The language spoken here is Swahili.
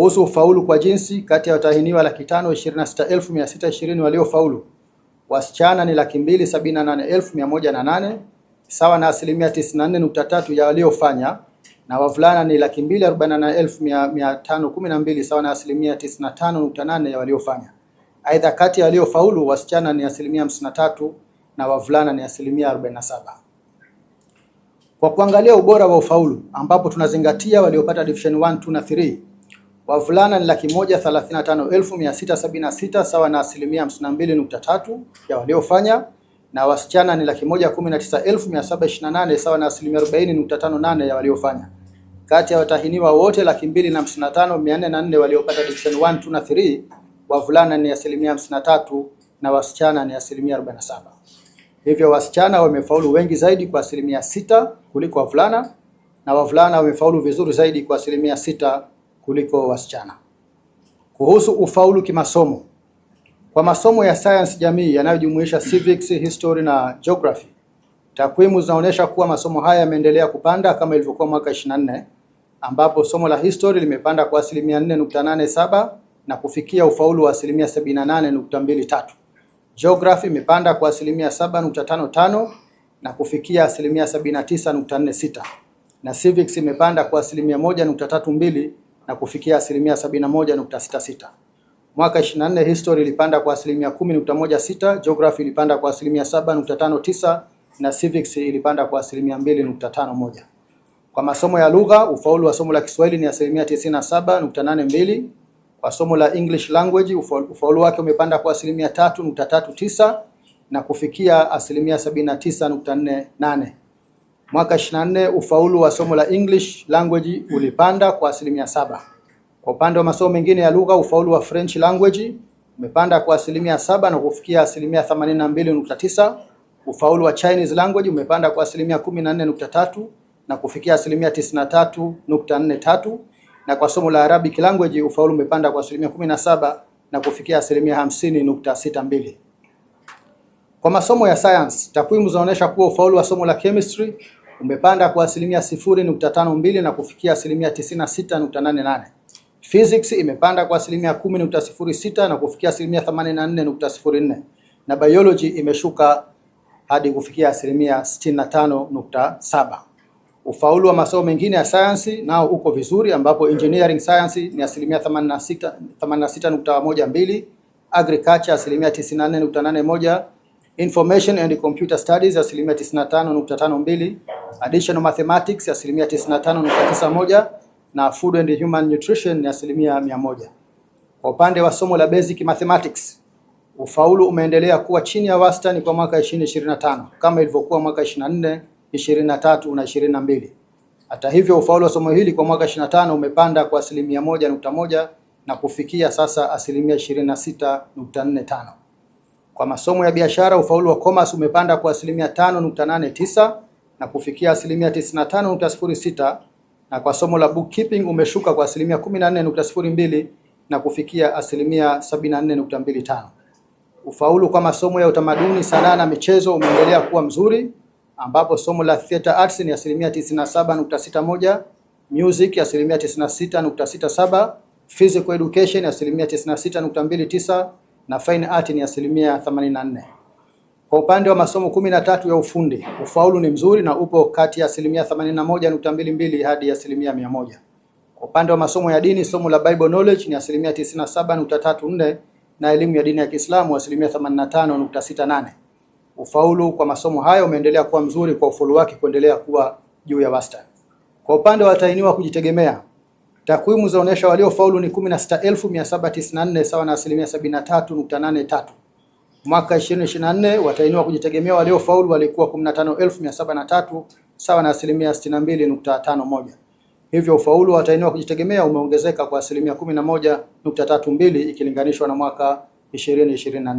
kuhusu ufaulu kwa jinsi, kati ya watahiniwa laki tano ishirini na sita elfu mia sita ishirini waliofaulu wasichana ni laki mbili sabini na nane elfu mia moja na nane sawa na asilimia tisini na nne nukta tatu ya waliofanya na wavulana ni laki mbili arobaini na nane elfu mia tano kumi na mbili sawa na asilimia tisini na tano nukta nane ya waliofanya. Aidha, kati ya waliofaulu wasichana ni asilimia hamsini na tatu na wavulana ni asilimia arobaini na saba Kwa kuangalia ubora wa ufaulu ambapo tunazingatia waliopata division 1, 2 na 3 wavulana ni laki moja thelathini na tano elfu mia sita sabini na sita sawa na asilimia hamsini na mbili nukta tatu ya waliofanya, na wasichana ni laki moja kumi na tisa elfu mia saba ishirini na nane sawa na asilimia arobaini nukta tano nane ya waliofanya. Kati ya watahiniwa wote laki mbili na hamsini na tano mia nne na nne waliopata division one, two na 3 wavulana ni asilimia hamsini na tatu na wasichana ni asilimia arobaini na saba. Hivyo wasichana wamefaulu wengi zaidi kwa asilimia sita kuliko wavulana na wavulana wamefaulu vizuri zaidi kwa asilimia sita kuliko wasichana. Kuhusu ufaulu kimasomo, kwa masomo ya sayansi jamii yanayojumuisha civics, history na geography, takwimu zinaonyesha kuwa masomo haya yameendelea kupanda kama ilivyokuwa mwaka 24 ambapo somo la history limepanda kwa asilimia 4.87 na kufikia ufaulu wa asilimia 78.23. Geography imepanda kwa asilimia 7.55 na kufikia asilimia 79.46 na civics imepanda kwa asilimia 1.32 na kufikia asilimia 71.66. Mwaka 24 history ilipanda kwa asilimia 10.16, geography ilipanda kwa asilimia 7.59 na civics ilipanda kwa asilimia 2.51. Kwa masomo ya lugha, ufaulu wa somo la Kiswahili ni asilimia 97.82. Kwa somo la English language ufaulu wake umepanda kwa asilimia 3.39 na kufikia asilimia 79.48. Mwaka 24 ufaulu wa somo la English language ulipanda kwa asilimia saba. Kwa upande wa masomo mengine ya lugha, ufaulu wa French language umepanda kwa asilimia saba na kufikia asilimia 82.9. Ufaulu wa Chinese language umepanda kwa asilimia 14.3 na kufikia asilimia 93.43, na kwa somo la Arabic language ufaulu umepanda kwa asilimia 17 na kufikia asilimia 50.62. Kwa masomo ya science, takwimu zinaonyesha kuwa ufaulu wa somo la chemistry umepanda kwa asilimia 0.52 na kufikia asilimia 96.88. Physics imepanda kwa asilimia 10.06 na kufikia asilimia 84.04 na biology imeshuka hadi kufikia asilimia 65.7. Ufaulu wa masomo mengine ya sayansi nao uko vizuri ambapo engineering science ni asilimia 86.12, agriculture asilimia 94.81 Information and Computer Studies asilimia 95.52, Additional Mathematics asilimia 95.91 na Food and Human Nutrition ni asilimia 100. Kwa upande wa somo la Basic Mathematics, ufaulu umeendelea kuwa chini ya wastani kwa mwaka 2025 kama ilivyokuwa mwaka 24, 23 na 22. Hata hivyo, ufaulu wa somo hili kwa mwaka 25 umepanda kwa asilimia 1.1 na kufikia sasa asilimia 26.45. Kwa masomo ya biashara ufaulu wa commerce umepanda kwa asilimia 5.89 na kufikia asilimia 95.06 na kwa somo la bookkeeping umeshuka kwa asilimia 14.02 na kufikia asilimia 74.25. Ufaulu kwa masomo ya utamaduni, sanaa na michezo umeendelea kuwa mzuri ambapo somo la theater arts ni asilimia 97.61, music asilimia 96.67, physical education asilimia 96.29 na fine art ni asilimia 84. Kwa upande wa masomo kumi na tatu ya ufundi, ufaulu ni mzuri na upo kati ya asilimia 81.22 hadi asilimia 100. Kwa upande wa masomo ya dini, somo la Bible knowledge ni asilimia 97.34 na elimu ya dini ya Kiislamu asilimia 85.68. Ufaulu kwa masomo hayo umeendelea kuwa mzuri kwa ufaulu wake kuendelea kuwa juu ya wastani. Kwa upande wa watahiniwa kujitegemea Takwimu zaonyesha waliofaulu ni 16794 sawa na asilimia 73.83. Mwaka 2024 watainiwa kujitegemea waliofaulu walikuwa 15703 sawa na asilimia 62.51. Hivyo ufaulu watainiwa kujitegemea umeongezeka kwa asilimia 11.32 ikilinganishwa na mwaka 2024.